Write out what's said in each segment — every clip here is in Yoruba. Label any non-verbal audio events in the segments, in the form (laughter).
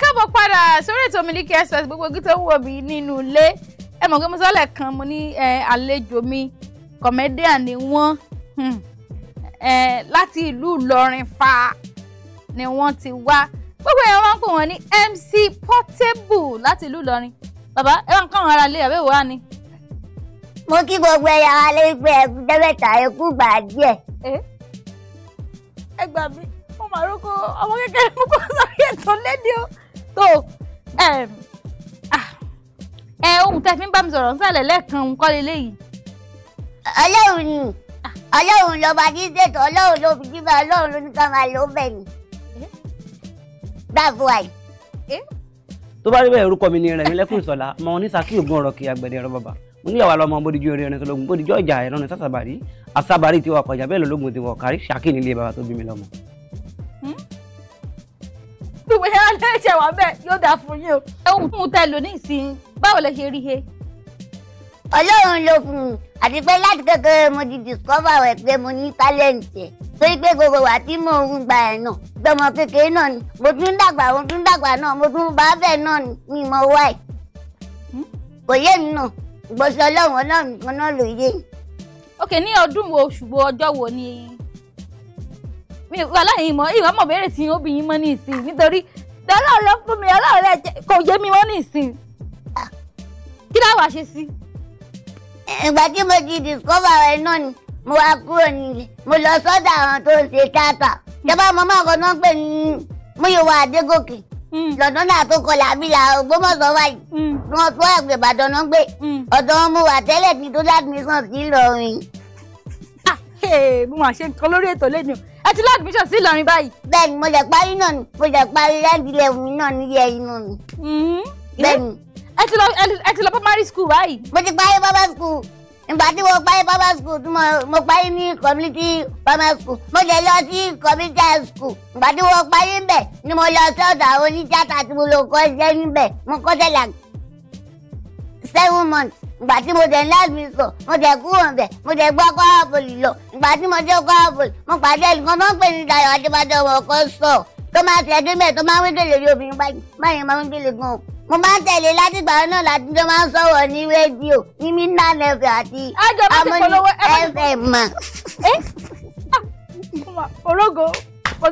káàbọ̀ padà sórí ètò Miliki Express gbogbo ogi tó ń wò mí nínú ilé ẹ mọ̀ pé mo sọ́lẹ̀ kan mo ní àlejò mi comedian ni wọ́n hmm. láti ìlú Ìlọrin fa ni wọ́n ti wá gbogbo èèyàn máa ń pè wọ́n ní MC Portable láti ìlú Ìlọrin bàbá ẹ wá ń kọ́ àwọn ará ilé ẹ̀wé wá ni. mo kí gbogbo ẹ̀yà wa lé pé ẹkú dẹ́gbẹ̀ta ẹkú gbà díẹ̀. ẹ gbà mí mo máa roko ọmọ kékeré mú kó sórí ètò lédìí o so um, ah, ẹ ohun tẹ́ fi ń bá mi sọ̀rọ̀ nsàlẹ̀ lẹ́ẹ̀kan ń kọ́ leléyìí. ọlọ́run ni ọlọ́run lọ́ba dídètò ọlọ́run ló fi díbà ọlọ́run ló ní ká máa lò ó bẹ̀ ni gbàgbọ́ àì. Eh? tó bá rí bẹ́ẹ̀ orúkọ mi ni Rẹ̀mílẹ́kùn Ìṣọ̀lá ọmọ oníṣàkí ògùn ọ̀rọ̀ kì í àgbẹ̀dẹ ọ̀rọ̀ bàbá mo níyàwó alọ́mọ bódìjú orin ẹni tó lógun bódìjú ọjà ẹ̀rọ ní sàṣàbàrí àṣàbàrí tiwa kọjá bẹ́ẹ̀ lọ́lọ́gùn tiwa ọ̀kárí ṣàkí nílé bàbá tó bí mi lọ́mọ. Hmm? gbogbo ìyára lè ṣe wà bẹ́ẹ̀ yóò dáa fún yín o. ohun tó ń tẹ lò ní ìsìn báwo lè ṣe rí he. ọlọ́run ló fún un àti pé láti kékeré mo ti discover rẹ̀ pé mo ní tálẹ́ǹtì ẹ̀ torí pé gbogbo wà tí mò ń gba ẹ̀ náà gbọmọ kékeré náà ni mo tún dàgbà mo tún dàgbà náà mo tún bá bẹ́ẹ̀ náà ni mi mọ wá ẹ̀ kò yé mi náà ìgbọ̀nsẹ̀ ọlọ́run ọlọ́run kan náà ló yé. ok ní ọdún wo ṣùgbọ́n ọjọ́ wo ni mi ò aláìyìn mọ ìwà mọ̀ béèrè tí obìnrin mọ́ ní ìsìn nítorí ọlọ́ọ̀rọ̀ fún mi ọlọ́ọ̀rẹ́ kò yé mi mọ́ ní ìsìn kí láwà ṣe sí. ìgbà tí mo ti discover rẹ náà ni mo wá kúrò nílé mo lọ sọ́dọ̀ àwọn tó ń ṣe tíátà ìjọba ọmọ máa kọ náà pè ní múyìwá adégòkè hmm. lọ́dún náà tó kọ làbílà ògbómọ̀ṣọ́ wáyé hmm. wọn tó ẹgbẹ́ ìbàdàn náà gbé hmm. ọ̀dọ̀ mo wà tẹ́lẹ̀ tí tó láti sàn sí ìlọrin. Ah, mo máa ṣe nǹkan lórí ètò lẹ́nu ẹ ti lọ admission sí Ìlọrin báyìí. bẹ́ẹ̀ni mo lè parí náà ni mo lè parí lẹ́ẹ̀dì lẹ́wù mi náà nílé ẹyin náà ni. bẹ́ẹ̀ni. ẹ ti lọ ẹ ti lọ primary school báyìí. mo ti parí primary school ìgbà tí mo parí primary school tí mo parí ní community primary school mo lè lọ sí community high school ìgbà tí mo parí níbẹ̀ ni mo lọ sí ọ̀dọ̀ oníjàtà tí mo lọ kọ́ iṣẹ́ níbẹ̀ mo kọ́ sẹ́lẹ̀ seven months ìgbà tí mo tẹ̀ ní admission mo tẹ̀ kúrò ń bẹ̀ mo tẹ̀ gbá Kwara Poli lọ ìgbà tí mo jẹ́ Kwara Poli mo pàdé ẹnìkan tó ń pè ní Dayọ̀ Adébájọ ọmọ ọkọ sọ tó máa ti ẹdún mẹ́ẹ̀ tó máa ń wí gèlè rí obìnrin báyìí báyìí máa ń gèlè gan o mo máa ń tẹ̀lé láti ìgbà náà láti jọ máa ń sọ̀rọ̀ ní rédíò ní mílíọ̀nù ẹ̀fẹ̀ àti amóni fm. (laughs) Eh? Ah, ológo mo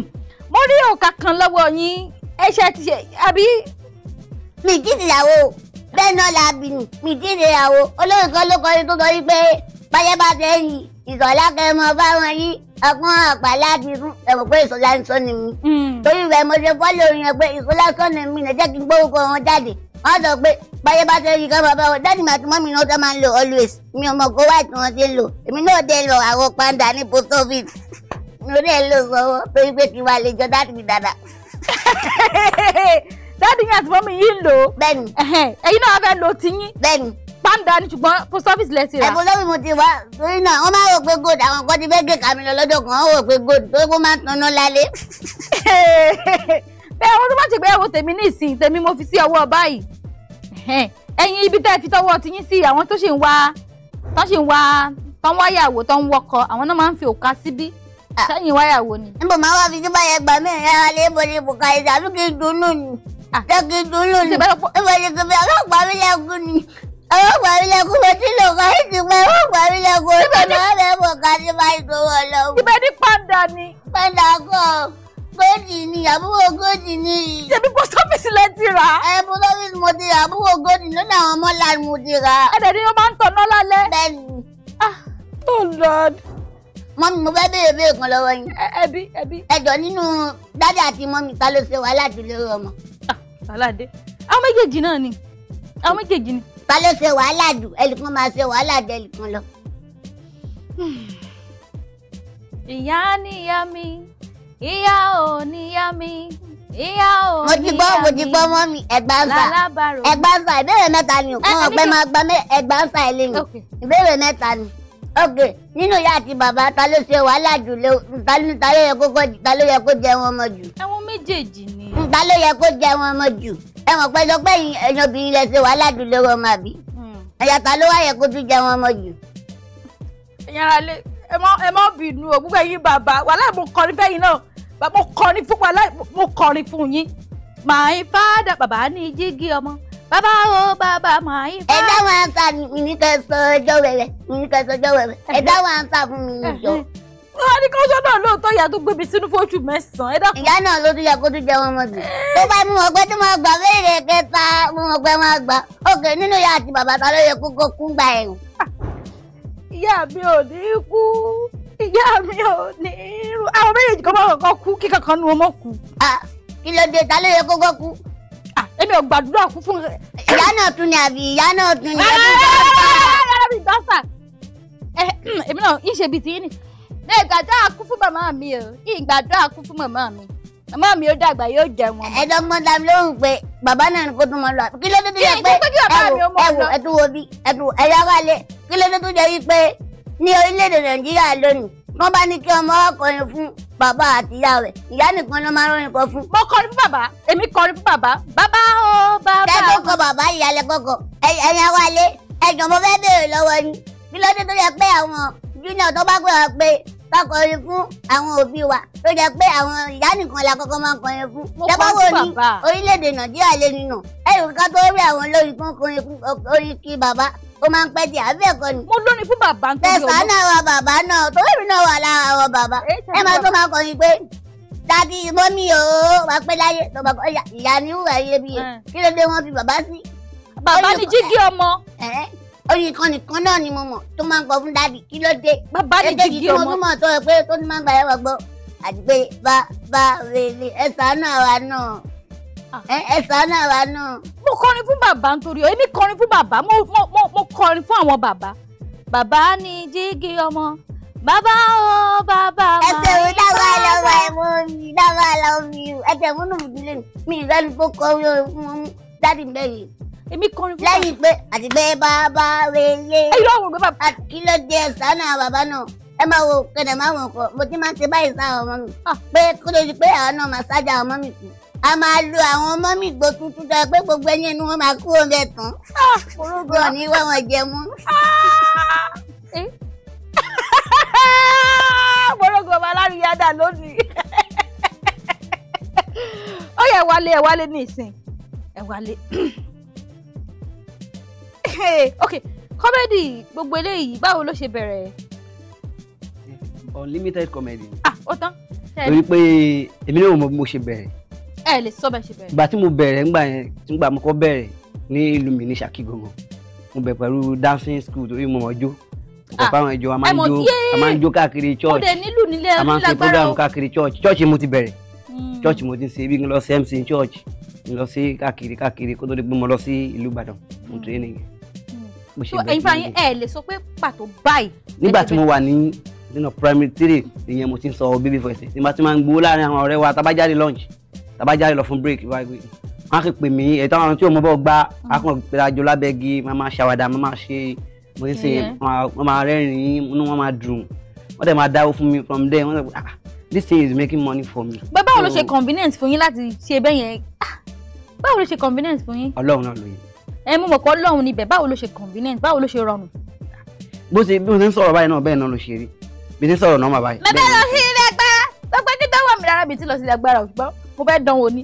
(clears throat) mo rí òkà kan lọ́wọ́ yín ẹ̀ṣẹ̀ ti ṣe àbí. mi ti ṣèyàwó bẹ́ẹ̀ náà la bìnú mi ti ṣèyàwó olórin kan ló kọrin tó sọ wípé báyẹ̀ bá fẹ́ yìí ìsọ̀lá kẹmọ báwọn yí ọgbọ́n àgbà láti fún ẹ̀wọ̀n pé ìsọ̀lá ń sọ ni mí. Hmm. torí rẹ̀ mo ṣe fọ́ lórí yẹn pé ìsọ̀lá sọ ni mí lẹ́jẹ́ kí n gbórúkọ wọn jáde wọ́n sọ pé báyé bá fẹ́ yí kẹmọ báwọn dáàdì máa ti mọ́mí náà tó máa ń lo always mi ò mọ̀ kó wáìtì wọn ti ń lò èmi náà dé lọ àwọn pàǹdà ní post office lórí ẹ̀ lò sọ́wọ́ torí pé kí n máa lè jọ dáàdì mi dáadáa. (laughs) dáàdì yín àti mọ́mí yín lò. bẹ́ẹ̀ni. ẹ̀yin náà wá fẹ́ lo tiyín. bẹ́ẹ̀ni. pàǹdà ni ṣùgbọ́n post office lẹ ti rà. ẹ̀bùn lórí mo ti wá torí náà wọ́n máa rò pé gold àwọn kan ti fẹ́ gé kàmí lọ lọ́jọ́ kan wọ́n rò pé gold torí kó máa tanná lálẹ́. (laughs) bẹ́ẹ̀ wọ́n tó bá ti gbé ẹ̀wọ̀ tèmi ní ìsìn tèmi mo fi sí ọwọ́ báyìí ẹ̀yin ibi tẹ́ ẹ fi tọwọ́ tiyín sí àwọn tó sì ń wá tó sì ń wá tó ń Ah. sẹ́yìn wáyà wo ni. níbo máa wá fi tí báyẹn gbà mí ìrìn ara lè bo ní bùkárì tàbí kí n dunnú ni tẹ́kì ah. dunnú ni níbo ni kí n fi ọlọ́pàá mi lẹ́kùn ni ọlọ́pàá mi lẹ́kùn mo ti lò ká ìtì pé ọlọ́pàá mi lẹ́kùn mi máa bẹ̀ bùkárì máa ń tó wọ lọ́wọ́. ibẹ̀ ní pàǹdà ni. pàǹdà kọ́ góòdì ni àbúrò góòdì ni. ṣebí post office lẹ ti rà. ẹ post office mo ti rà àbúrò góòdì lọ́nà àwọn ọmọ làánú mo ti rà. ẹ̀dẹ̀ ni wọ́n máa ń tọ̀nà lálẹ́. bẹ́ẹ̀ni. ah oh lord mọ́mí mo fẹ́ béèrè béèrè kan lọ́wọ́ yín. ẹbí ẹbí. ẹjọ nínú dádì àti mọ́mí ta ló ṣe wàhálà jù lórí ọmọ. aládé àwọn méjèèjì náà ni àwọn hmm. méjèèjì ni. ta ló ṣe wàhálà jù ẹnìkan máa ṣe wàhálà jù ẹnìkan lọ. (sighs) ìyá níyà mi ìyá ò níyà mi ìyá ò níyà mi. mo ti gbọ́ mo ti gbọ́ mọ́mí ẹgbàáfà ẹgbàáfà ìbéèrè mẹ́ta ni òkú ọ̀pẹ máa gbọ́ ẹgbàáfà ẹlẹ́yìn ìbéèrè mẹ́ta ni ok nínú ìyá àti bàbá ta ló ṣe wàhálà jù ta ló yẹ kó ta ló yẹ kó jẹ wọn ọmọ jù. àwọn méjèèjì ni. ta ló yẹ kó jẹ wọn ọmọ jù ẹ mọ̀ pé sọ pé ẹ̀yin obìnrin lẹ ṣe wàhálà jù lórí ọmọ àbí. Hmm. ẹ̀yà ta ló wá yẹ kó tún jẹ wọn ọmọ jù. ìyára lè ẹ mọ bínú o gbogbo ẹ̀yin bàbá wàhálà mo kọrin fẹ́yìn náà mo kọrin fún wàhálà mo kọrin fún yín. màá fáadà bàbá ní jígí ọmọ bàbá o oh, bàbá máa yí. ẹ dáhùn ansa mi ní kẹ sọ ọjọ́ wẹ̀rẹ̀ mi ní kẹ sọ ọjọ́ wẹ̀rẹ̀ ẹ dáhùn ansa fún mi níjọ. wọ́n ní kọ́sọ́ náà lóòótọ́ ìyá tó gbébi sínú fóṣù mẹ́sàn-án ẹ dákun. ìyá náà ló tún yẹ kó tún jẹ wọn mọ́tò tó bá mú ọgbẹ́ tó máa gbà béèrè kẹta mú ọgbẹ́ máa gbà òkè nínú ìyá àti bàbá ta ló yẹ kan máa kọ kú kí kankan nu ọmọ kú. kí ló èmi ò gbàdúrà kú fún. ìyá náà tún ni àbí ìyá náà tún ni àbí dọ́sà. èmi náà ń ṣe bíi tiyín ni. mi ò gbàdúrà kú fún màmá o ìgbàdúrà kú fún màmá mi màmá mi ó dàgbà yóò jẹ wọn. ẹ dọ́gbọ́n dá mi lóhùn pé bàbá náà ni kó tún mọ lọ kí ló dé tó yẹ pé ẹwò ẹwò ẹtú wo bí ẹtú ẹyá wálé kí ló dé wọ́n bá ní kí ọmọ ọkọrin fún bàbá àti ìyá rẹ̀ ìyá nìkan ló máa ń rọrin kan fún. mo kọrin fún bàbá èmi kọrin fún bàbá bàbá o bàbá. kẹ́kọ̀ọ́ kọ bàbá ìyálẹ̀ kọ̀kọ̀ ẹ̀yàn wálé ẹ̀jọ̀ mo fẹ́ béèrè lọ́wọ́ ni kí ló dé tó yẹ pé àwọn junior tó bá gbé wa pé kọkọrin fún àwọn òbí wa tó jẹ pé àwọn ìyá nìkan la kọ́kọ́ máa ń kọrin fún. mo kọ́ fún bàbá. orílẹ̀-èdè nàìjíríà lè nínà ẹ̀rù ká tó rí àwọn olórin kan kọrin kí bàbá ó máa ń pẹ́ di àbí ẹ̀kọ́ ni. mo lóni fún bàbá nítorí ọlọ́run. bẹ́ẹ̀ sànà wa bàbá náà torí mi náà wà lára àwọn bàbá ẹ máa tó máa kọrin pé dadi mọ́mí o wàá pẹ́ láyé tọ́ba ìyá ni wúrà yé bi kí ló dé wọ́n fi bàbá sí. bàbá ni jígí ọmọ. oyin kan nìkan náà ni mo mọ̀ tó máa ń kọ fún dadi kí ló dé. bàbá ni jígí ọmọ. ẹgbẹ́ tí mo tún mọ̀ tó ẹ pé tó ní máa ń gbà yẹn wà gbọ́ àgbẹ̀ bá bá rèé ẹ ṣàánú ah. àwa kọrin fún bàbá nítorí ọ èmi kọrin fún bàbá mo mo mo kọrin fún àwọn bàbá bàbá ni jígí ọmọ bàbá o bàbá máa ń bá. ẹsẹ̀ mi dábàá lọ́wọ́ ẹ̀mọ́ mi dábàá lọ́wọ́ mi ẹsẹ̀ mi nù mí lẹ́nu mi ìrẹ́nu tó kọ́ mi ò fún dáàdì mẹ́rin èmi kọrin fún bàbá. lẹ́yìn pé àti pé bàbá wẹlé. ẹ yọ àwọn bàbá. àti kí ló sànà bàbá náà ẹ máa wo kẹdẹ máa wọn kọ mo ti máa ń ṣe báyìí sáà ọmọ mi. Ah. pé kó lè di pé àwọn náà máa ọmọ mi kù a máa lo àwọn mọ́mì gbó tuntun tó yẹ pé gbogbo ẹyin inú wọn máa kú oúnjẹ tán kúrúgbọ ah! ní wá wọn jẹ mú. gbọ́dọ̀gbọ́ ah! eh? (laughs) ọba alárìíyá dà lónìí (laughs) ó yẹ wálé ẹ wálé ní ìsìn ẹ wálé (coughs) ok kọ́mẹ́dì gbogbo eléyìí báwo ló ṣe bẹ̀rẹ̀. unlimited comedy. ah ó tán. torí pé èmi náà mo ṣe bẹ̀rẹ̀ ẹ lè sọ bẹ́ẹ̀ ṣe bẹ̀rẹ̀. ìgbà tí mo bẹ̀rẹ̀ ńgbà yẹn tí mo gbà mo kọ́ bẹ̀rẹ̀ ní ìlú mi ní Ṣakí gbọ̀ngàn mo bẹ̀ pẹ̀lú dancing school torí mo mọ̀ jó ọ̀pọ̀ ah, àwọn ìjọ a máa ń jó a máa káàkiri church a máa ń ṣe program káàkiri church church mo ti bẹ̀rẹ̀ hmm. church mo ti ń ṣe bí n lọ sí MC church n lọ sí káàkiri káàkiri kó tó di pé mo lọ sí ìlú Ìbàdàn mo hmm. training mo ṣe bẹ̀rẹ̀ nígbà yẹn ẹ lè sọ pé pàtó báyìí. nígbà tí mo wà ní nínú primary three ìyẹn mo ti ń sọ baby voice nígbà tí mo máa ń gbowó láàrin àwọn ọ̀rẹ́ wa tá lunch tàbá jáde lọ fún break bá gbé wọn á kì pè mí ẹ̀tọ́ àwọn tí ò mọ bọ́ gbá akọ̀ ìpẹ́lájọ lábẹ́gi máa máa ṣàwádà máa máa ṣe mo ti ṣe wọn máa rẹ́rìn-ín inú wọn máa dùn wọ́n dẹ̀ máa dáwó fún mi from there wọ́n sọ ah this thing is making money for me. bẹ́ẹ̀ báwo ló ṣe convenience fún yín láti ṣe bẹ́ẹ̀ yẹn ah, báwo ló ṣe convenience fún yín. Ọlọ́run náà ló yẹ. ẹ mú mọ̀kọ́ Ọlọ́run níbẹ̀ báwo ló ṣe convenience báwo ló ṣe rọrùn. bó ṣe bí mo ṣe ń sọ̀rọ̀ báyìí náà bẹ́ẹ̀ náà ló ṣe rí bí mo ń sọ̀rọ̀ náà mà báyìí. bẹ́ẹ̀ lọ sí ilé ẹgbẹ́ gbogbo ẹni tó wà mí rárá mi ti lọ sí agbára ṣùgbọ́n mo fẹ́ dán wò ni.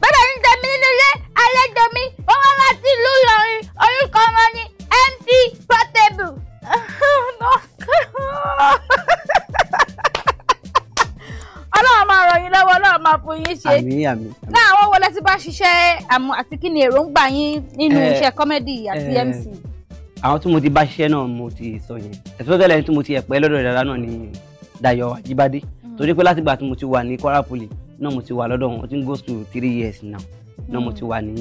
bàbá mi jẹ mí nínú ilé àlejò mi ó wá láti ìlú Ìlọrin orúkọ wọn ni MT Portable. ọlọ́run máa ràn yín lọ́wọ́ ọlọ́run máa fún yín ṣe. àmín àmín. náà àwọn wọlé tí bá ṣiṣẹ́ àti kí ni èròǹgbà yín nínú eh, iṣẹ́ kọ́mẹ́dì àti eh, MC àwọn tí mo ti bá ṣiṣẹ́ náà mo ti sọ yẹn especially tí mo ti ẹ̀pẹ́ lọ́dọ̀ ìdára náà ni Dayọ̀ Ajíbádé mm. torí pé látìgbà tí mo ti wà ní Kwara Poly náà mo ti wà lọ́dọ̀ wọn ti ń go school three years now náà mo mm. ti wà ní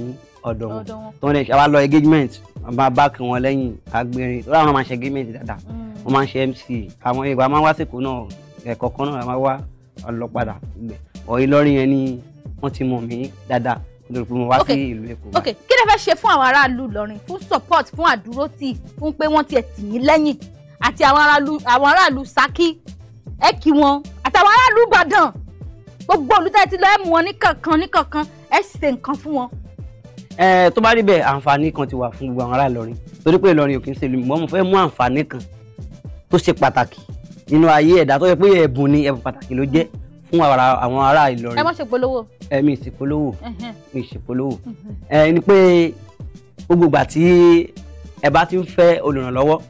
ọ̀dọ̀ wọn tó ń dẹ̀ ṣe àwa lọ engagement àbá báàkì wọn lẹ́yìn agbèrè lọ́dọ̀ àwọn máa ń ṣe engagement dada. Mm. wọ́n máa ń ṣe MC àwọn ìgbà máa ń wá sèkó náà ẹ̀kọ̀ọ̀kan náà máa wá ọlọ́padà ọ̀ Ìlọrin lórí wá sí ìlú Èkó. ok kí lè fẹ́ ṣe fún àwọn aráàlú Ìlọrin fún support fún àdúrótì fún pé wọ́n tiẹ̀ tì yín lẹ́yìn àti àwọn aráàlú Ṣakí ẹ kí wọn àtàwọn aráàlú Ìbàdàn gbogbo olùtẹ́ ti lọ ẹ mú wọn ní kankan ní kankan ẹ ṣe nǹkan fún wọn. ẹ tó bá rí bẹ́ẹ̀ àǹfààní kan ti wà fún gbogbo àwọn ará Ìlọrin torí pé Ìlọrin ò kì í ṣe lùmọ́ mo fẹ́ mú àǹfààní kan tó ṣe pàtàkì nínú ayé ẹ̀dá tó yẹ pé ẹ̀bùn ni ẹ̀bùn pàtàkì ló jẹ́ fún àwọn ará Ìlọrin. ẹ má ṣe polówó. ẹ mi ṣe polówó mi ṣe polówó. ẹ ni pé gbogbo ìgbà tí ẹ bá ti ń fẹ́ olùrànlọ́wọ́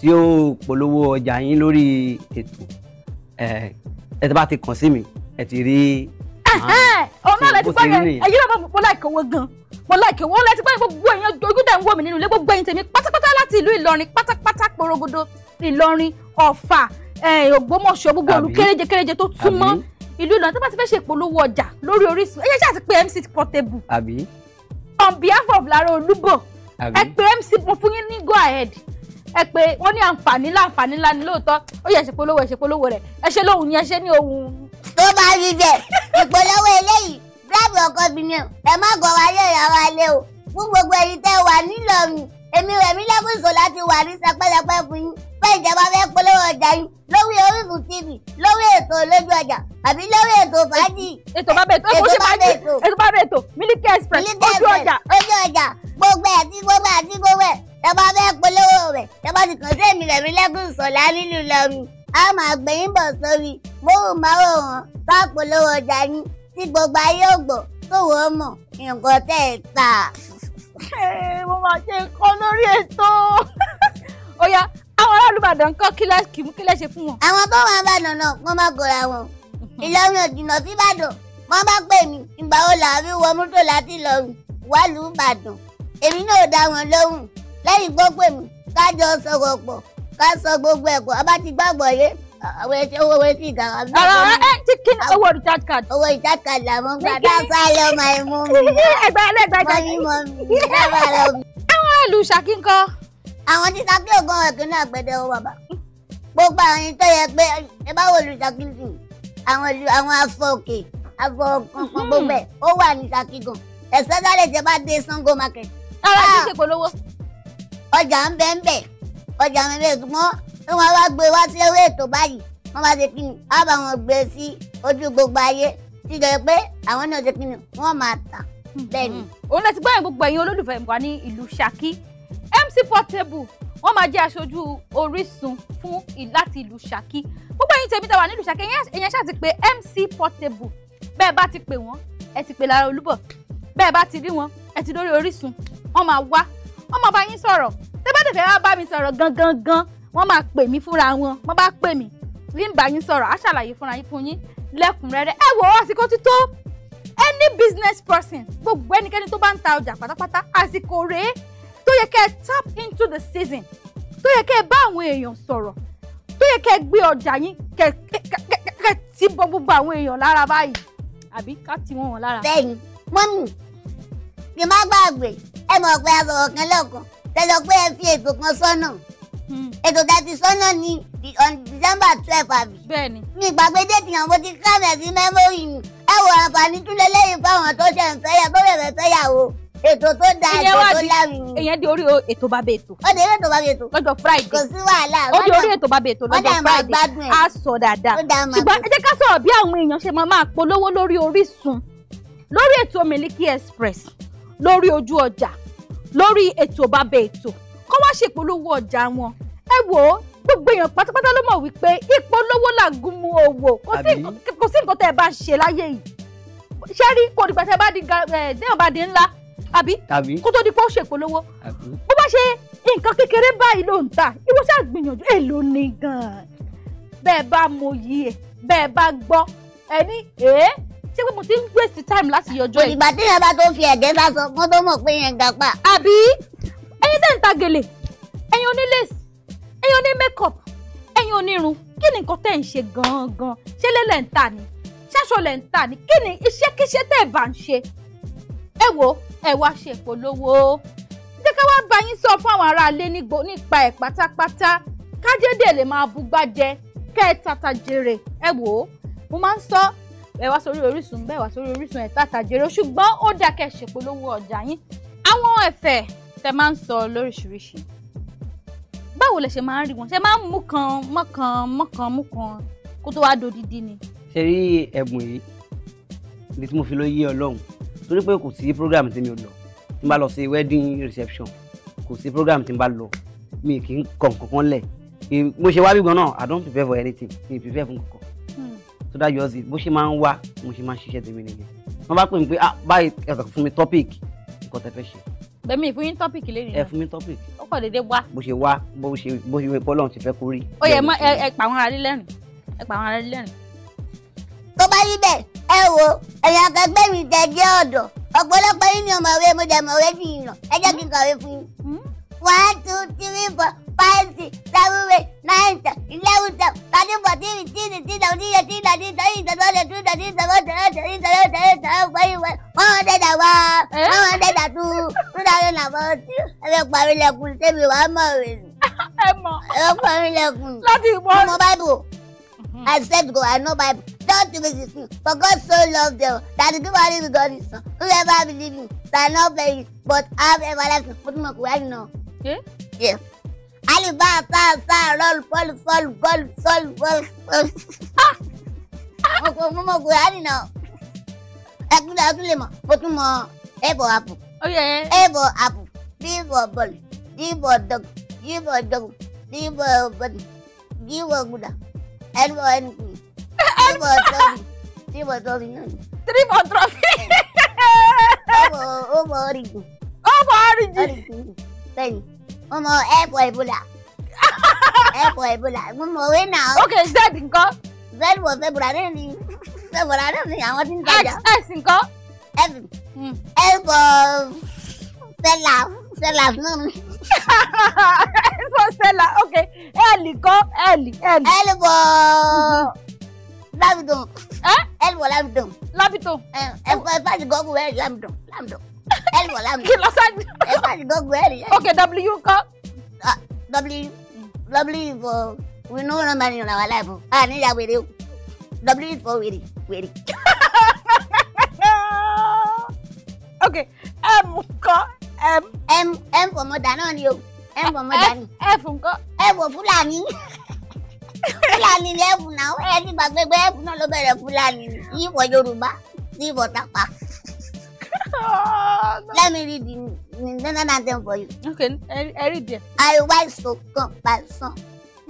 tí ó polówó ọjà yín lórí ètò ẹ ti bá ti kàn sí mi ẹ ti rí. ọ̀nà ọ̀la ti gbọ́ yẹn ẹ̀yin náà mo láì kówó gan mo láì kówó ọ̀la ti gbọ́ yẹn gbogbo èèyàn ojú dẹ̀ ń wò mí nínú ilé gbogbo ẹ̀yin tèmi pátápátá láti ìlú Ìlọrin pátápátá porogodo Ìlọrin Ọ̀fà Ògbómọ̀ṣọ́ gbogbo olùkéréje kéréje tó túmọ̀ ìlú Ìlọrin tó bá ti fẹ́ ṣe ìpolówó ọjà lórí Orísun ẹ ṣe àti pé MC Portable. àbí. on behalf of Lara Olúbò. àbí ẹ pé MC mo fún yín ní go ahead ẹ pé wọ́n ní àǹfààní láǹfààní ńlá ni lóòótọ́ ó yẹ ṣèpolówó ẹ ṣèpolówó rẹ̀ ẹ ṣe lóhùn yẹn ṣe ní ohun. tó bá rí bẹ́ẹ̀ ìpolówó eléyìí bíráàbù ọkọ mi ni ẹ má gọ wa ìyá wa lé o fún gbogbo ẹ̀yin tẹ́ wà nílọrin èmi rẹ̀ mi lẹ́kùn ìṣòlá ti wà ní sẹpẹ́lẹpẹ́ fún yín pé ìjọba fẹ́ polówó ọjà yín lórí Orísun TV lórí ètò olójú ọjà àbí lórí ètò fàájì. ètò bá bẹ̀tò ètò bá bẹ̀tò ètò bá bẹ̀tò Miliki Express ojú ọjà. ojú ọjà gbogbo ẹ̀ tí gbogbo ẹ̀ tí gbogbo ẹ̀ tẹ́bá fẹ́ polówó rẹ̀ tẹ́bá ti kàn sí èmi rẹ̀ mi lẹ́kùn sọ̀lá nílùú lọ́mi a máa gbẹ̀yìn bọ̀ sórí móhùnmáwòrán bá polówó ọjà yín tí gbogbo ayé ògbò tòwó mọ̀ nǹkan tẹ̀ ta. (laughs) táwọn aráàlú Ìbàdàn ń kọ́ kílẹ̀ kì mú kílẹ̀ ṣe fún wọn. àwọn bó wọn Ìbàdàn náà wọn máa gòrà wọn hm. Ìlọrin òjìnà sí Ìbàdàn wọn bá pè mí ìgbà wo làárí wọ mọ́tò láti Ìlọrin wà lù ú Ìbàdàn èmi náà dá wọn lóhùn lẹ́yìn gbọ́ pè mí ká jọ sọ̀rọ̀ ká sọ gbogbo ẹ̀kọ́ ọba ti gbàgbọ́ yé àwọn ẹṣẹ owó wẹ sí ìdára ẹ ti kí ni owó recharge card. owó recharge card làwọn ń gbà bá sálẹ ọmọ ẹ mú mi. (laughs) ẹgbẹ́ ẹlẹ́gbẹ́ jáde. wọ́n ní mọ́ mi lábàárọ̀ mi. àwọn ìlú Ṣakí ńkọ́ àwọn tí sáké ògbọ́n ẹ̀kẹ́ náà gbẹdẹ o bàbá gbogbo àwọn ẹni tó yẹ pé ẹ bá wò lu sakíǹtì àwọn àwọn afọ òkè afọ kankan hmm. gbogbo ẹ ó wà ní sakíǹgàn ẹ̀sẹ̀ dálẹ̀ tẹ bá dé Sango market. ara ti ah! ṣe polówó. ọjà ń bẹ ń bẹ ọjà ń bẹ ṣùgbọ́n tí wọ́n bá gbé wá sí ewé ètò báyìí wọ́n bá ṣe kí ni á bá wọn gbé sí ojú gbogbo ayé ti jẹ́ pé àwọn náà ṣe kí ni wọ́n máa tà hmm, bẹ́ẹ̀ hmm, ni. òun lè ti gbọ́ ẹ̀ gbogbo MC Portable wọ́n máa jẹ́ aṣojú Orísun fún láti ìlú Ṣakí gbogbo ẹ̀yin tèmi tẹ́ wà nílùú Ṣakí ẹ̀yẹn ṣáà ti pè MC Portable bẹ́ẹ̀ bá ti pè wọ́n ẹ ti pè Lára Olúbọ̀ bẹ́ẹ̀ bá ti rí wọn ẹ ti dórí Orísun wọ́n máa wá wọ́n máa bá yín sọ̀rọ̀ tẹ́ bá tẹ̀fẹ́ wá bá mi sọ̀rọ̀ gangan gan wọ́n máa pè mí fúnra wọn wọ́n bá pè mí rí ń bá yín sọ̀rọ̀ á ṣàlàyé fúnra yín fún yín lẹ́kùnrẹ́rẹ́ ẹ wò àsìkò ti tó any business person gbogbo ẹnikẹ́ni tó bá ń ta ọjà pátápátá àsìkò rèé tó yẹ kẹ́ ẹ tap into the season tó yẹ kẹ́ ẹ bá àwọn èèyàn sọ̀rọ̀ tó yẹ kẹ́ ẹ gbé ọjà yín kẹ́ kẹ́ tí bọ́ gbogbo àwọn èèyàn lára báyìí àbí ká ti wọn wọn lára. bẹ́ẹ̀ni mọ́mì mi má gbàgbé ẹ mọ̀ pé a sọ̀rọ̀ kan lọ́kàn tẹlọ pé ẹ fi ètò kan sọ́nà hmm. ètò tàbí sọ́nà ní on december twelve àbí. bẹ́ẹ̀ni. mi gbàgbé déètì àwọn ti kámẹ̀ sí mẹ́mórì mi ẹ wọ àǹfààní túnlẹ̀ lẹ́yìn fáwọn tó ṣe ń fẹ́ tó bẹ̀rẹ̀ fẹ́ o ètò tó da ètò tó lẹ́nu. ìyẹn di orí ètò bàbá ètò. ó di orí ètò bàbá ètò. lọ́jọ́ friday. kò sí wàhálà. ó di orí ètò bàbá ètò lọ́jọ́ friday. a sọ dáadáa. ṣùgbọ́n ẹ jẹ́ ká sọ̀rọ̀ bí àwọn èèyàn ṣe máa polówó lórí Orísun lórí ètò Miliki Express lórí ojú ọjà lórí ètò bàbá ètò kó wá ṣe ìpolówó ọjà wọn ẹ wò ó gbogbo èèyàn pátápátá ló mọ̀ wípé ìpolówó làgùn mu òwò kò sí nǹkan tẹ́ ẹ bá ṣe láyé yìí ṣẹ́rí kò dìgbà tẹ́ ẹ bá di ńlá àbí kó tó di pé ó ṣèpolówó bó bá ṣe nǹkan kékeré báyìí ló ń ta ìwọ ṣáà gbìyànjú èlò ni gan-an bẹ́ẹ̀ bá mọyì ẹ̀ bẹ́ẹ̀ bá gbọ́ ẹni èé ṣé pé mo ti ń waste time láti yọjọ́ yìí. ìgbà téèyàn bá tó fi ẹ̀gẹ́ bá sọ kó tó mọ̀ pé yẹn ga pa. àbí ẹ̀yin tẹ́ ń ta gèlè ẹ̀yin onílẹ̀sì ẹ̀yin oní makeup ẹ̀yin onírun kí ni nǹkan tẹ́ ń ṣe gangan ṣé lélẹ̀ ń tà ni ṣáṣọ lẹ̀ ń tà ni kí ni iṣẹ́kíṣẹ́ tẹ́ bá ń ṣe ẹ wò ẹ wá ṣe ìpolówó jẹ́ ká wá bá yín sọ fún àwọn aráalé nípa ẹ̀ pátápátá kájédè lè máa bugbájẹ kẹ́ ẹ tata jèrè ẹ wò ó mo máa ń sọ ẹ wá sórí Orísun bẹ́ẹ̀ wá sórí Orísun ẹ̀ tata jèrè ṣùgbọ́n ó dà kẹ́ ẹ ṣèpolówó ọjà yín àwọn ẹ̀fẹ̀ tẹ máa ń sọ lóríṣiríṣi báwo lẹ ṣe máa ń rí wọn ṣe máa ń mú kan mọ́kan mọ́kan mú kan kó tó wá dodidi ni. ṣe rí ẹ̀bùn yìí ibi tí mo fi lọ Ọlọ́run torí pé kò sí program tí mi ò lọ tí n bá lọ sí wedding reception kò sí program tí n bá lọ mi kì í kàn kankan lẹ̀ mo ṣe wá bí gan náà i don't prepare for anything mi prepare fún kankan hmm. so that just it bó ṣe máa ń wá mo ṣe máa ń ṣiṣẹ́ tèmi nìyẹn wọ́n bá pè mí pé ah báyìí ẹ sọ fún mi topic nǹkan tẹ fẹ́ ṣe. bẹ́ẹ̀ mi fún yín topic lẹ́yìn náà ẹ fún mi topic. ó kàn déédéé wá. bó ṣe wá bó ṣe bó ṣe wípé ọlọ́run ti fẹ́ kó rí. ó yẹ mọ ẹ pa àwọn lẹ́rìn ẹ pa àwọn lẹ́rìn. tó bá rí bẹ́ẹ̀ ẹ wo ẹ̀yin akẹgbẹ́ mi tẹ jẹ́ ọ̀dọ́ ọ̀pọ̀lọpọ̀ yín ni ọ̀mọ̀wé mo dẹ̀ mọ̀wé fi yàn ẹ jẹ́ kí n kàwé fún yín. one two three four five six seven eight nine ten eleven twelve thirteen fourteen fifteen sixteen seventeen eighteen nineteen twenty twenty-one twenty-two twenty-three twenty-four twenty-five twenty-six twenty-seven twenty-eight twenty-nine one hundred and one one hundred and two two thousand and four ẹ fẹ́ parí lẹ́kùn sẹ́mi wàá mọ̀ rẹ̀ ẹ fẹ́ parí lẹ́kùn láti mọ̀ I said go, I know my. Don't you resist me. For God so loved them that the giver of God is son. Whoever believes me shall not perish, but have everlasting. Mo tún mọ̀ kó wáyé náà. Yes. Alibá àtà roll, rọ́ọ̀lù pọ́ọ̀lù pọ́ọ̀lù pọ́ọ̀lù pọ́ọ̀lù pọ́ọ̀lù. Mo mọ̀ kó wáyé náà. Ẹ̀kúndà ọdún lè mọ̀. Mo tún mọ A for apple. Oh, A for apple. B for ball. D for dog. G for dog. D for body. G for guda ẹnu ẹnu tìbọ̀ tọ́bi tìbọ̀ tọ́bi náà. Oh, tọ́bi. ọmọ ọrìgùn. ọmọ ọrìgùn. bẹ́ẹ̀ni ọmọ ẹ̀pọ̀ Ebola ẹ̀pọ̀ Ebola mo mọ̀ wé náà. Okay, z nǹkan. z wọ february náà ni february náà ni àwọn tí ń tajà. x x nǹkan. f ẹ̀pọ̀ fẹlà fẹlà Stella okay ẹ̀ẹ́lì kọ́ ẹ̀ẹ́lì ẹ̀ẹ́lì. ẹ̀ẹ́lì bọ̀ lábìdùn. ẹ̀ẹ́lì bọ̀ lábìdùn. lábìdùn. ẹ̀fọ́ ẹ̀fọ́ àti gọ́gùn ẹ̀ẹ́lì lábìdùn lábìdùn ẹ̀ẹ́lì lábìdùn. kí lọ sáájú. ẹ̀fọ́ àti gọ́gùn ẹ̀ẹ́lì. okay w kọ́. Ah, w w for we no run money on our life o a ní wèrè o w for wèrè wèrè. (laughs) okay m kọ́ m. m m for mother náà ni o em còn mới dani ẹ fún kọ ẹ wò fúlàní fúlàní ni ẹ fún náà ẹ ní gbàgbé pé ẹ fún náà ló bẹ̀rẹ̀ fúlàní yìí wọ yorùbá yìí wọ tápà. Let me read the national anthem for you. Okay, I, I read it. I want to compassion.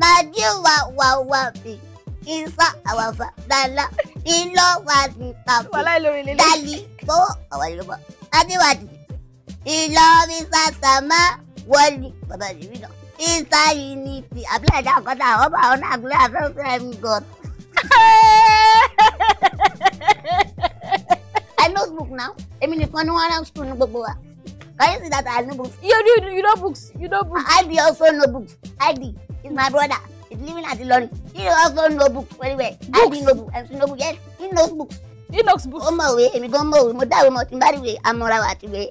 Nigeria wa wa bi isa our father. Ilo wa di tapu. Wala ilori lele. Dali bo awa Yorùbá. Adiwadi. Ilo mi sa Wally, Baba Divino. Sister Unity. I play that because I hope I wanna play a first-time God. I know book now. Èmi nìkan ni wọ́n rán school ní gbogbo wa. Can you see that I know books? You do, you, know books. You know books. I also know books. I be. It's my brother. He's living at the lorry. He also know books very well. Books. I know books. And she know books. Yes, he knows books. He knows books. Ọmọwé, èmi gan mọ̀wé, mo dáwé mọ̀ tí n bá rí wé, amọ̀ra wà ti wé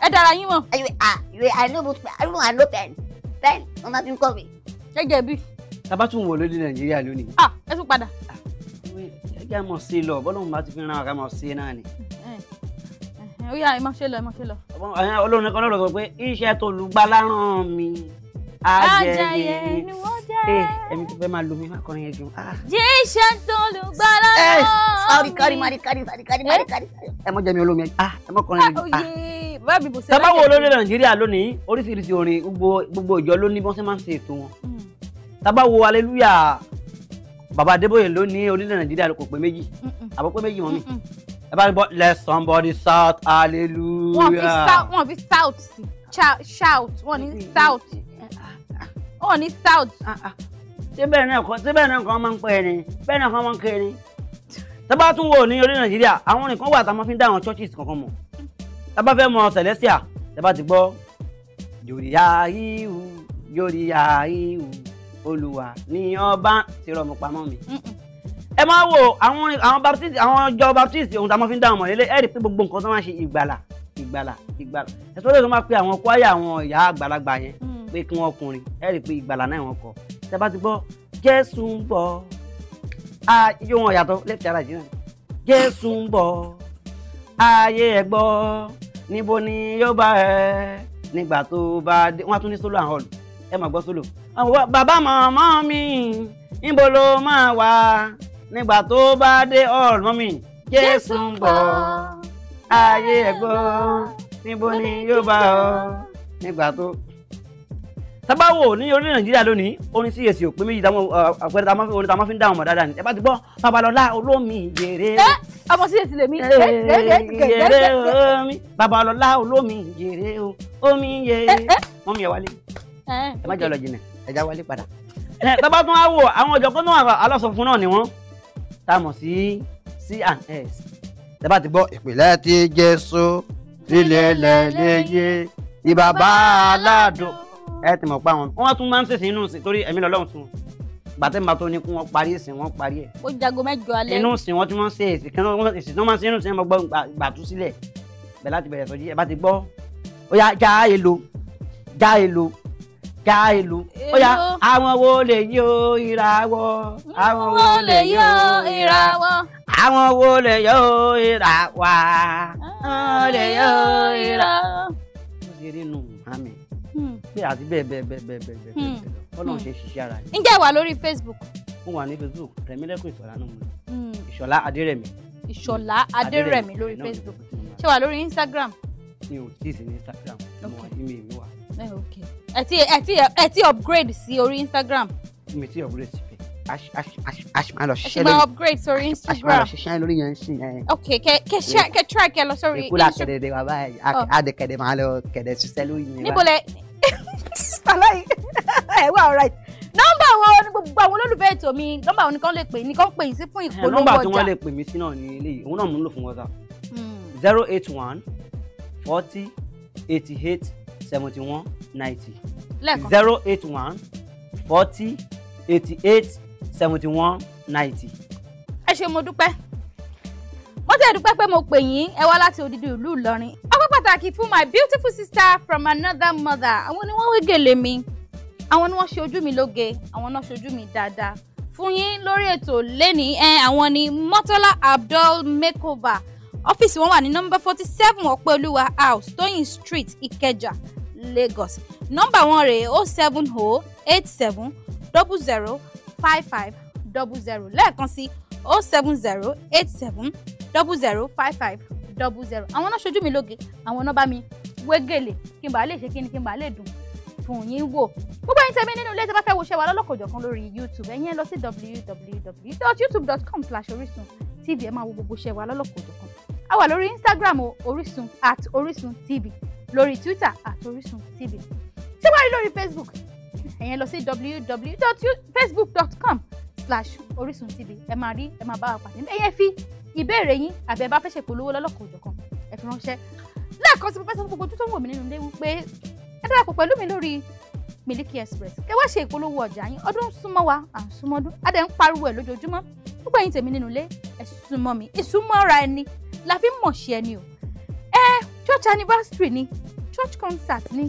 ẹ dára yín mọ̀. ẹ ẹ ah, i know book i know i know pen pen wọn máa fi ń kọ̀wé. gẹ́gẹ́ bí. tábà tún wò lóde nàìjíríà lónìí. ah ẹ tún padà. Ah, ẹgbẹ́ mọ̀ sí lọ bọ́lọ́mù bá ti fi ràn ká mọ̀ sí náà ni. Eh, eh, eh, ó yá ẹ máa ṣe lọ ẹ máa ṣe lọ. ọlọ́run kan lọ́rọ̀ sọ pé iṣẹ́ tó lùgbàláràn mi ajẹyẹ ni wọ́n jẹ́. ẹmi tó fẹ́ máa lomi máa kọrin yẹn jù. Ah. jíṣẹ́ tó lù gbára lọ́wọ́ mi. sọ́ọ́rì kárí máa rí ẹ mọ jẹ́ mi olómi ẹ mọ kọrin yẹn jù. Oh, bá bíbo ṣe tábà wo olórin nàìjíríà lónìí oríṣiríṣi orin gbogbo ìjọ ló ní bọ́n ṣe máa ń ṣe ètò wọn. Hmm. tábà wo aleluya baba adébóyè ló ní orílẹ̀ nàìjíríà kò pé méjì àbọ̀ pé méjì mọ́mì ẹ bá gbọ́ let somebody shout hallelujah. wọ́n fi shout sí shout wọ́n ní shout wọ́n ní shout. ṣé bẹ́ẹ̀ náà kan ṣé bẹ́ẹ̀ náà kan máa ń pẹ́ ẹni bẹ́ẹ̀ náà kan máa ń kẹ́ ẹni. tábà tún wò ní orílẹ̀ nàìjíríà àwọn nìkan wà tá a máa fi dá àwọn churches kankan mọ̀ tábà fẹ́ mọ celestia tábà ti gbọ́ yorùyá ihu yorùyá ihu olùwà ní ọba ti rọ mi pamọ́ mi. ẹ máa wo àwọn àwọn baptist àwọn ọjọ́ baptist ohun tá a máa fi ń dáhùn mọ̀ lélẹ̀ ẹ̀rí pé gbogbo nǹkan tó máa ń ṣe ìgbàlà ìgbàlà ìgbàlà ẹ̀sọ́ lè tó máa pe àwọn kwaya àwọn ìyá àgbàlagbà yẹn mm. pé kí wọ́n kùnrin ẹ̀rí pé ìgbàlà náà wọ́n kọ tẹ́ ti gbọ́ jésù ń bọ̀ yóò wọ́n yàtọ̀ lẹ́fẹ̀ẹ́ ara ìdí náà jésù ń bọ̀ ayé ẹ̀ gbọ́ níbo ni yóò bá ẹ nígbà tó bá dé wọn tún ní solo and hall ẹ mà gbọ́ solo. bàbá màmá mi níbo ló máa wà nígbà tó bá dé hall mọ́mì. jésù ń bọ̀ ayé ẹ̀gbọ́n níbo ni yóò bá ọ nígbà tó tábàwò ní orílẹ̀ nàìjíríà lónìí orin CAC ò pé méjì táwọn àpẹẹrẹ táwọn orin táwọn fi ń dáhùn mọ̀ dáadáa ni ẹ bá ti gbọ́ babalọ́lá olómi yèrè. ẹ ọmọ CAC lè mi yèrè omi babalọ́lá olómi yèrè omi yèrè mọ́mí ẹ wálé ẹ má jẹ́ ọlọ́ jìnnà ẹ já wálé padà. tábà tún á wò àwọn ọ̀jọ̀ kan náà alọ́sọ fún náà ni wọ́n tá mọ̀ sí C&S ẹ bá ti gbọ́ ìpìlẹ̀ ti Jésù ilẹ̀ lẹ́lẹ́yẹ ìbàbá aládùn ẹ ti mọ̀ pa wọn wọn tún máa ń sèṣin inú sìn torí ẹ̀mí lọ́lọ́run tún gbàtẹ́ máa tó ní kí wọ́n parí ìsìn wọn parí ẹ̀. ó jago mẹ́jọ alẹ́. inú sìn wọn tún máa ń ṣe èsì kan èsì tó máa ń ṣe inú sìn wọn gbọ́ gbàtú sílẹ̀ bẹ̀ láti bẹ̀rẹ̀ sọ́jí ẹ̀ bá ti gbọ́ ó yá já èlò já èlò já èlò ó yá àwọn wo lè yí o ìràwọ̀ àwọn wo lè yí o ìràwọ̀ àwọn wo lè yí o ìràwọ̀ àwọn wo lè yí o ìràwọ̀ bẹ́ẹ̀ àti bẹ́ẹ̀ bẹ́ẹ̀ bẹ́ẹ̀ bẹ́ẹ̀ bẹ́ẹ̀ bẹ́ẹ̀ hmm. hmm. ṣe ṣiṣẹ́ ara yìí. ǹjẹ́ wà lórí Facebook. mo wà ní Facebook Rẹ̀mílẹ́kùn Ìṣọ̀lá náà mo lọ hmm. Ìṣọ̀lá Adérẹ̀mí. Ìṣọ̀lá Adérẹ̀mí lórí Facebook ṣé wà lórí Instagram. mi ò tí sí ní Instagram mo wà email mi wà. Eh, ẹ ti upgrade sí orí Instagram. mi ti upgrade sí pé aṣùmọ̀ lọ ṣiṣẹ́ lórí aṣùmọ̀ upgrade sórí Instagram aṣùmọ̀ lọ ṣiṣẹ́ lórí yẹn ṣì yẹn. ok kẹ kẹ kẹ try kẹ lọ sórí. ìkúlà oh. kẹ̀dẹ̀ dẹ̀ wà báyìí adẹ̀kẹ̀dẹ̀ máa lọ kẹ̀dẹ̀ ṣiṣẹ́ lórí yẹn. níbo lẹ aláì (laughs) ẹ wà ọ̀ráì nọ́mbà àwọn gbogbo àwọn olólùfẹ́ ètò mi nọ́mbà àwọn nìkan lè pè nìkan pè yín sí fún ìpolówó ọjà nọ́mbà tí wọ́n lè pè mí sí náà ní eléyìí òun náà mò ń lò fún WhatsApp hmm. zero eight one forty eighty eight seventy one ninety zero eight one forty eighty eight seventy one ninety. ẹ ṣé mo dúpẹ́ mo tẹ̀ dúpẹ́ pé mo pè yín ẹ wá láti odidi ìlú Ìlọrin pàtàkì fún my beautiful sister from another mother àwọn ni wọ́n wé gèlè mi àwọn ni wọ́n ṣe ojú mi lóge àwọn náà ṣojú mi dáadáa fún yín lórí ètò lẹ́ni àwọn ni Mọ́tọ́lá Abdul makeover ọ́fíìsì wọn wà ní nọ́mbà forty seven ọ̀pẹ́olúwa house Tóyìn street Ikeja, Lagos nọ́mbà wọn rèé o oh seven o oh eight seven double zero five five double zero lẹ́ẹ̀kan sí o oh seven zero eight seven double zero five five double zero àwọn náà ṣojú mi lóge àwọn náà bá mi wégele kí n bá lè ṣe kí ni kí n bá lè dùn fún yín wò gbogbo ẹ̀yin tẹ̀mí nínú ilé tí a bá fẹ́ wo ṣe wà lọ́lọ́kọ̀jọ̀kan lórí youtube ẹ̀yin ẹ lọ sí www.youtube.com slash orisun tv ẹ máa wo gbogbo ṣe wà lọ́lọ́kọ̀jọ̀kan a wà lórí instagram orisun at orisun tv lórí twitter at orisun tv ṣé wàá rí lórí facebook ẹ̀yin lọ sí www.facebook.com slash orisun tv ẹ máa rí ẹ máa bá wa pàdé ẹ̀yin fi ìbéèrè yín àbí ẹ bá fẹ́ ṣèpolówó lọ́lọ́kan òjọ̀kan ẹ fi ránṣẹ́ lẹ́ẹ̀kan sí mo fẹ́ sọ fún gbogbo ojú tó ń wò mí nínú ilé wípé ẹ darapọ̀ pẹ̀lú mi lórí Miliki Express kẹ wá ṣe ìpolówó ọjà yín ọdún súnmọ́ wa à ń súnmọ́ ọdún adẹ̀ ń pariwo ẹ̀ lójoojúmọ́ púpọ̀ ẹ̀yin tèmi nínú ilé ẹ súnmọ́ mi ìsúnmọ́ra ẹni la fi ń mọ̀ ṣe ẹni o ẹ church anniversary ni church concert ni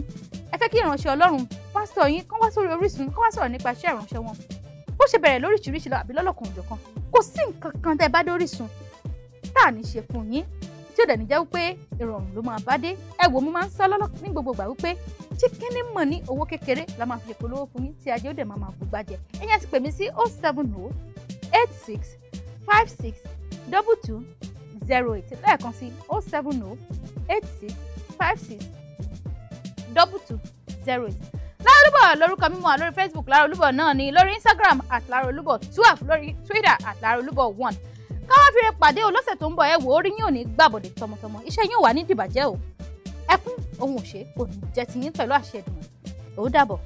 ẹ fẹ́ kí ìránṣẹ́ Ọlọ́run pásítọ̀ yín kán wá sórí Orísun kán wá sọ̀rọ̀ nípa iṣẹ́ ìránṣẹ́ wọn bó ṣe bẹ̀rẹ̀ lóríṣiríṣi lọ àbí lọ́lọ́kan òjọ̀kan kò sí nǹkan kan tẹ́ bá dórísun tá à ní ṣe fún yín tí ó dẹ̀ ní jẹ́ wípé ìrọ̀rùn ló máa bá dé ẹ wò mo máa ń sọ lọ́lọ́ ní gbogbo ìgbà wípé chikinni mọ̀ ní owó kékeré la máa fi polówó fún yín tí ajé ó dẹ̀ máa máa gbogbo àjẹ ẹ̀yẹ́ ti pè mí sí oh seven oh eight six five six double two zero eight lẹ́ẹ̀kan sí oh seven oh eight six five six double two zero eight Lára Olúbọ̀ lórúkọ mímọ́ lórí Facebook Lára Olúbọ̀ náà ni lórí Instagram at Lára Olúbọ̀ twelve lórí Twitter at Lára Olúbọ̀ one káwá fi rẹ pàdé o lọ́sẹ̀ tó ń bọ̀ ẹ wò ó rí yín ò ní gbàbọ̀dẹ̀ tọmọtọmọ iṣẹ́ yín ò wà ní dìbàjẹ́ o ẹkún ohun òṣè kò ní jẹ́ tiyín pẹ̀lú àṣẹ ìdùnnú ó dàbọ̀.